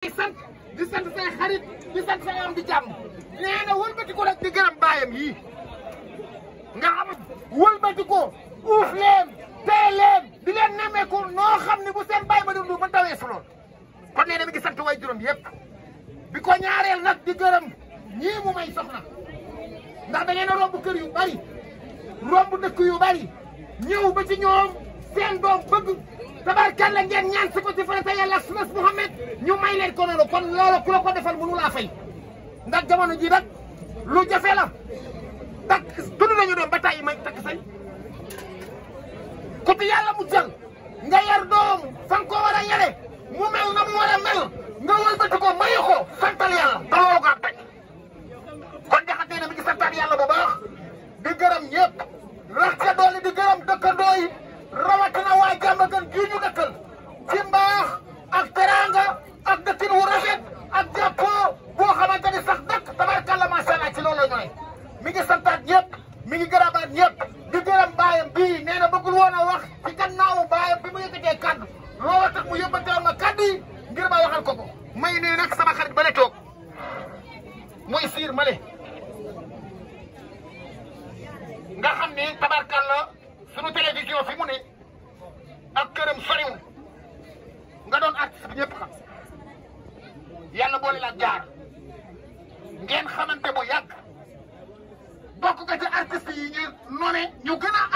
di sant di sant say xarit di sant say am di jàmm nee na ko nag di gërëm baayam yii nga xam wëlbati ko uuf leen tee leen di leen noo xam ne bu seen baay ma dundu ba dawee su kon nee mi ngi sant juróom yëpp bi ko ñaareel nag di gërëm ñii mu may soxna ndax da ngeen a romb kër yu bari romb dëkk yu bari ñëw ba ci ñoom seen doom bëgg tabarkalla ngeen ñaan si ko si farata yàlla sunas Muhammad ñu may ko noonu kon loolu ku la ko defal mënu laa ndax jamono ji nag lu jafe la takk dund nañu doon ba may takk say yàlla mu jël nga yar doom fa ko war a yare mu mel na mu war a mel nga wëlbati ko mayu ko santal yàlla da loolu kon jaxatee na mi ngi santaat yàlla bu baax di gërëm ñëpp rax ca doole di gërëm dëkkandoo yi rawatina waa Diamaguène gii ñu dëkkal ci mbaax ak teraanga ak dëkkin wu rafet ak jàppoo boo xamante ni sax dëkk tabarkalla macha allah ci loolu la ñooy mi ngi santaat ñëpp mi ngi gërëmaat ñëpp di gërëm baayam bii nee na bëggul woon a wax ci gannaawu baayam bi mu yëkkatee kaddu looloo tax mu yëbbatee ma kaddu ngir ma waxal ko ko. may nee nag sama xarit ba la toog mooy siir male nga xam ne tabarkalla. suñu télévision fi mu ne ak këram soriwul nga doon artiste bi ñëpp xam yàlla boole la jaar ngeen xamante bu yàgg bokk nga ci artiste yi ñu noone ñu gën a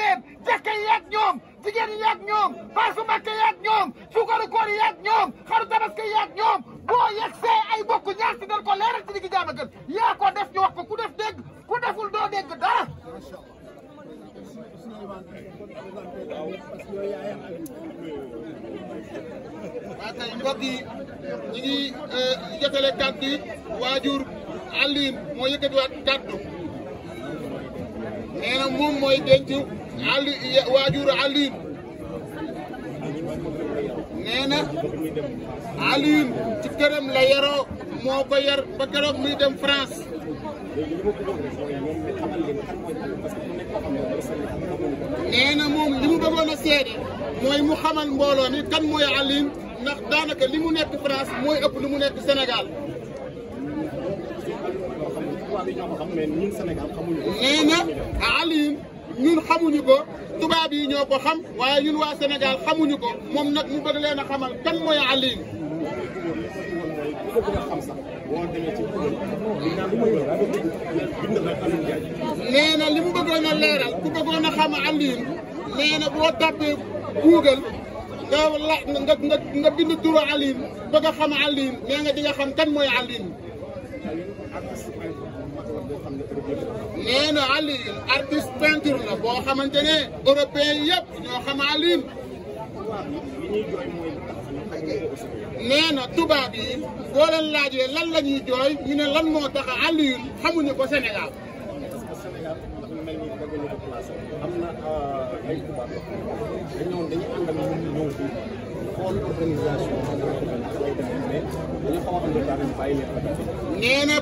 leen jàkka ñoom jigéen yi ñoom paasu Màkka ñoom suukaru koor ñoom xaru tabaski yi ñoom boo yegsee ay bokk ñaar si ko leeral ci digg jaama yaa ko def ñu ku def dégg ku deful doo dégg dara waa tey mbokk yi ñu ngi jotale euh, kàddu yi waajur Alioune moo yëkkatiwaat kàddu nee Ali waajur Alioune nee na Alioune la yaroo moo ko ba keroog muy France nee moom li mu bëggoon a seede mooy mu xamal mbooloo kan mooy Alioune ndax daanaka li mu nekk France mooy ëpp li mu nekk Sénégal. nee ñun xamuñu ko tubaab yi ñoo ko xam waaye ñun waa Sénégal xamuñu ko moom nag mu bëgg leen a xamal kan mooy Alioune. nee a leeral ku a xam nga la a xam Alioune kan mooy Alioune. nee na Alioune artiste peinture boo xamante ne européen yëpp ñoo na tubaab yi boo leen laajee lan la ñuy jooy ñu ne lan moo tax Alioune xamuñu ko Sénégal. am na euh, ay xool organisation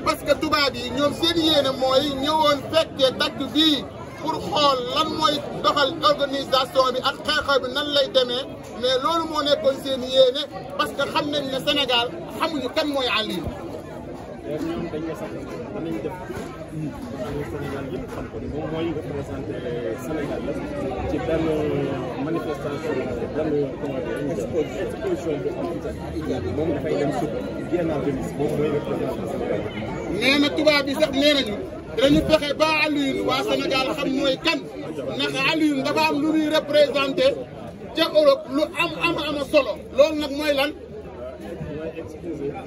parce que tubaab yi ñoom seen yéene mooy ñëwoon fekkee takk bii pour xool lan mooy doxal organisation bi ak xew-xew bi lay demee mais loolu moo nekkoon seen yéene parce que xam nañ ne xamuñu kan mooy Aliou. d'ailleurs ñoom dañ ko sax danañ def ci benn manifestation benn exposition bu am moom dafay dem suuf Biennale de Nice moom mooy na tubaab bi sax nee nañu fexe ba Alioune waa Sénégal xam mooy kan ndax Alioune dafa am lu muy représenté ca Europe lu am am ama solo loolu nag mooy lan.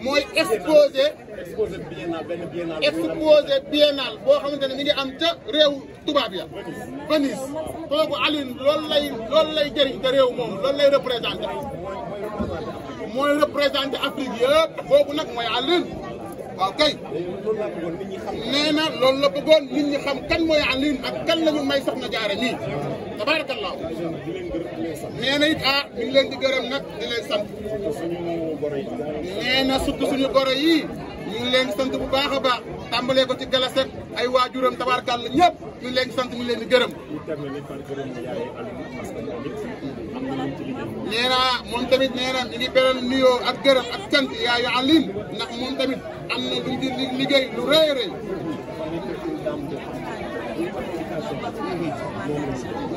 mooy exposé exposé biennal boo xamante ne mi ngi am ca réew tubaab ya Venise kooku Alioune loolu lay loolu lay jëriñ te réew moom loolu lay représenté mooy représenté Afrique yëpp boobu nag mooy Alioune waaw kay nee na loolu la bëggoon nit ñi xam kan mooy Alioune ak kan la ñu may soxna jaare nii tabaarakallaahu nee na it ah mi ngi leen di gërëm nag di leen sant nee na surtout suñu goro yii ñu sant bu baax a baax tàmbalee ko ci galaset ay waajuram tabaarakalla ñëpp ñu ngi leen di sant ñu leen di gërëm nee na moom tamit nee na ñu ngi beral nuyoo ak gërëm ak cant yaayu Alioune ndax moom tamit am na lu ñu di a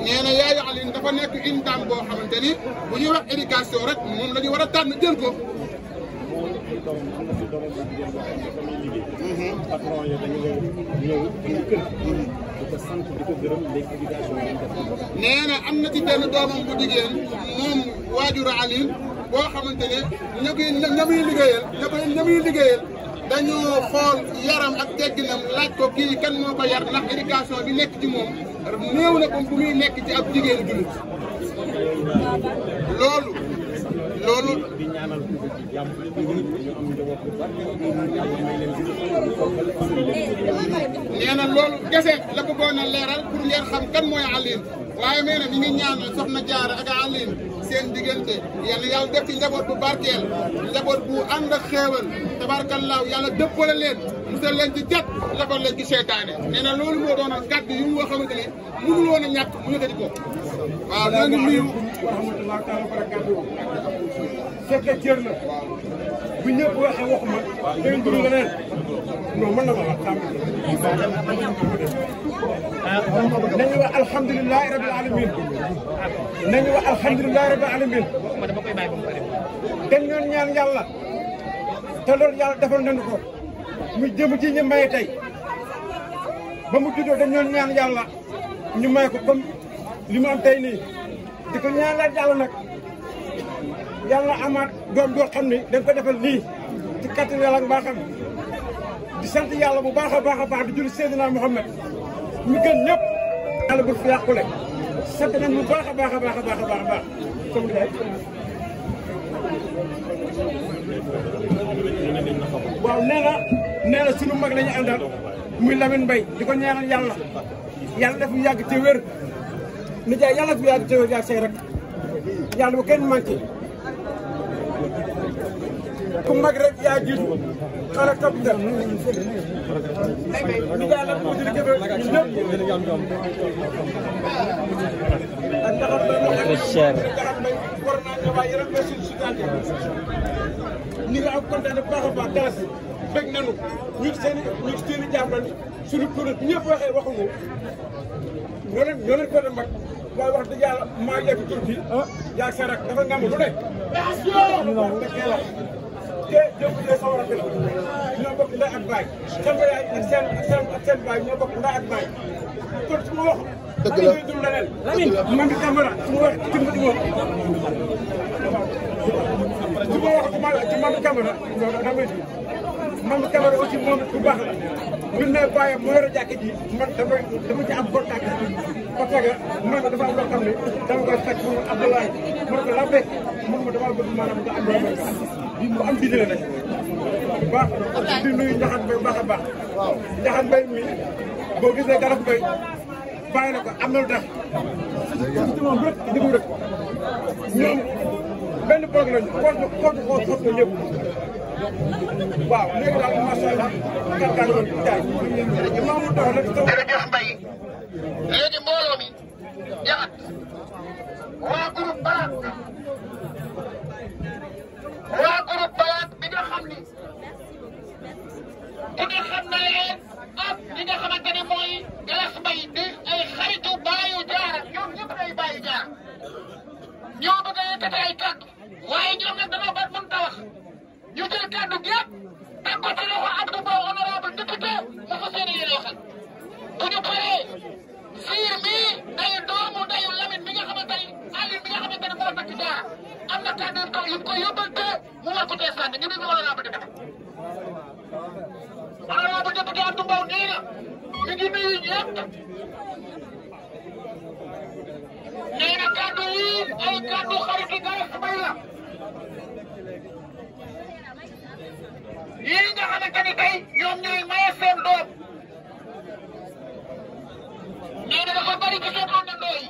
nee na yaayu Alioune dafa nekk une dame boo xamante ni bu ñuy wax éducation rek moom la ñu war a tànn jël ko. patron yi dañu ñëw ñu kër di ko sant di ko gërëm léegi éducation nee na am na ci benn doomam bu jigéen moom waajuru Alioune boo xamante ne ña koy ña muy liggéeyal ña koy ña muy liggéeyal. dañu xool yaram ak tegginam laaj ko kii kan moo ko yar ndax éducation bi nekk ci moom néew na comme bu muy nekk ci ab jigéen jullit loolu loolu nee na loolu kese la bëggoon a leeral pour xam kan mooy Alioune waaye nee na mi ngi soxna Diarra ak Aline seen diggante yàlla yàlla def ci njaboot bu barkeel njaboot bu ànd ak xéewal tabarkallaahu yàlla dëppale leen musal leen ci jat lafal leen ci seytaane nee na loolu moo doon ak kàddu yu mu nga xamante ne mënul woon a ñàkk mu yëkkati ko waaw loolu nuyu warahmatullah taala barakatuh fekk cër la bu ñëpp waxee waxuma dégg nga leneen non mën na ma wax tàmbali. nañu wax alhamdulilah rabil alamin nañu wax alhamdulilah rabil alamin dañ ñoon ñaan yàlla te yàlla defal nañu ko mu jëm ci ñu may tey ba mu juddoo dañ ñoon ñaan yàlla ñu may ko comme li am tey nii di ko ñaanal yàlla nag. yàlla amaat doom joo xam ne dañ ko defal lii ci kattan yàlla ak mbaaxam di sant yàlla bu baax a baax a baax di julli Seydina Muhammad ñu gën ñëpp yàlla bu fi yàqule sant nañ bu baax a baax a baax a baax a baax comme day waaw nee na nee na sunu mag la ñu àndal muy di ko ñaanal yàlla yàlla def mu yàgg te wér nijaay yàlla fi yàgg te wér yàgg say rek yàlla bu kenn manqué ku mag rek yaa jiitu xale capital ni gaa la mu di kebe ñëpp ak taxam ba mu ak cher war naa nga waaye ni nga am kontaan baax a baax daas bëgg nañu ñu seen ñu seen jàppal suñu kuréel ñëpp waxee waxuñu ñoo leen mag waaye wax dëgg yàlla maa ngi tur ah. yaa sa rak dafa ngam lu jëwjee jëwjee sama rakk ñoo bokk ndey ak baay seen yaay ak seen ak seen ak seen baay ñoo bokk ndey ak baay kon su ma wax dëgg la dul leneen Lamine man di Camara su ma wax ci mbir moom su ma wax ci man di Camara damay man di Camara aussi moom bu baax la ñun ne bàyyam mu yor a jàkk ji man damay dama ci am contact ko tega mën na dafa am loo xam ne dama koy fekk mën na Abdoulaye mën na ko laa fekk mën na damaa bëgg maanaam nga am loo xam ne am diine la nag bu baax di nuyu Ndiakhate Mbaye bu baax a baax Ndiakhate Mbaye mi boo gisee garab Mbaye bàyyi na ko am na lu tax dëgg rek ñoom benn boog lañu kootu kootu koo soog na ñëpp waaw léegi daal macha allah kàttan ak jaay maa mu tax rek li nga xamante ne mooy Galas Mbaye di ay xaritu baayu jaara ñoom ñëpp day baayu jaar ñoo bëgg a yëkkati ay kàddu wax kàddu xarit gi dara may la yii nga xamante ni tey ñoom ñooy maye seen doom ñoo ne dafa bari ci seen àndandoo yi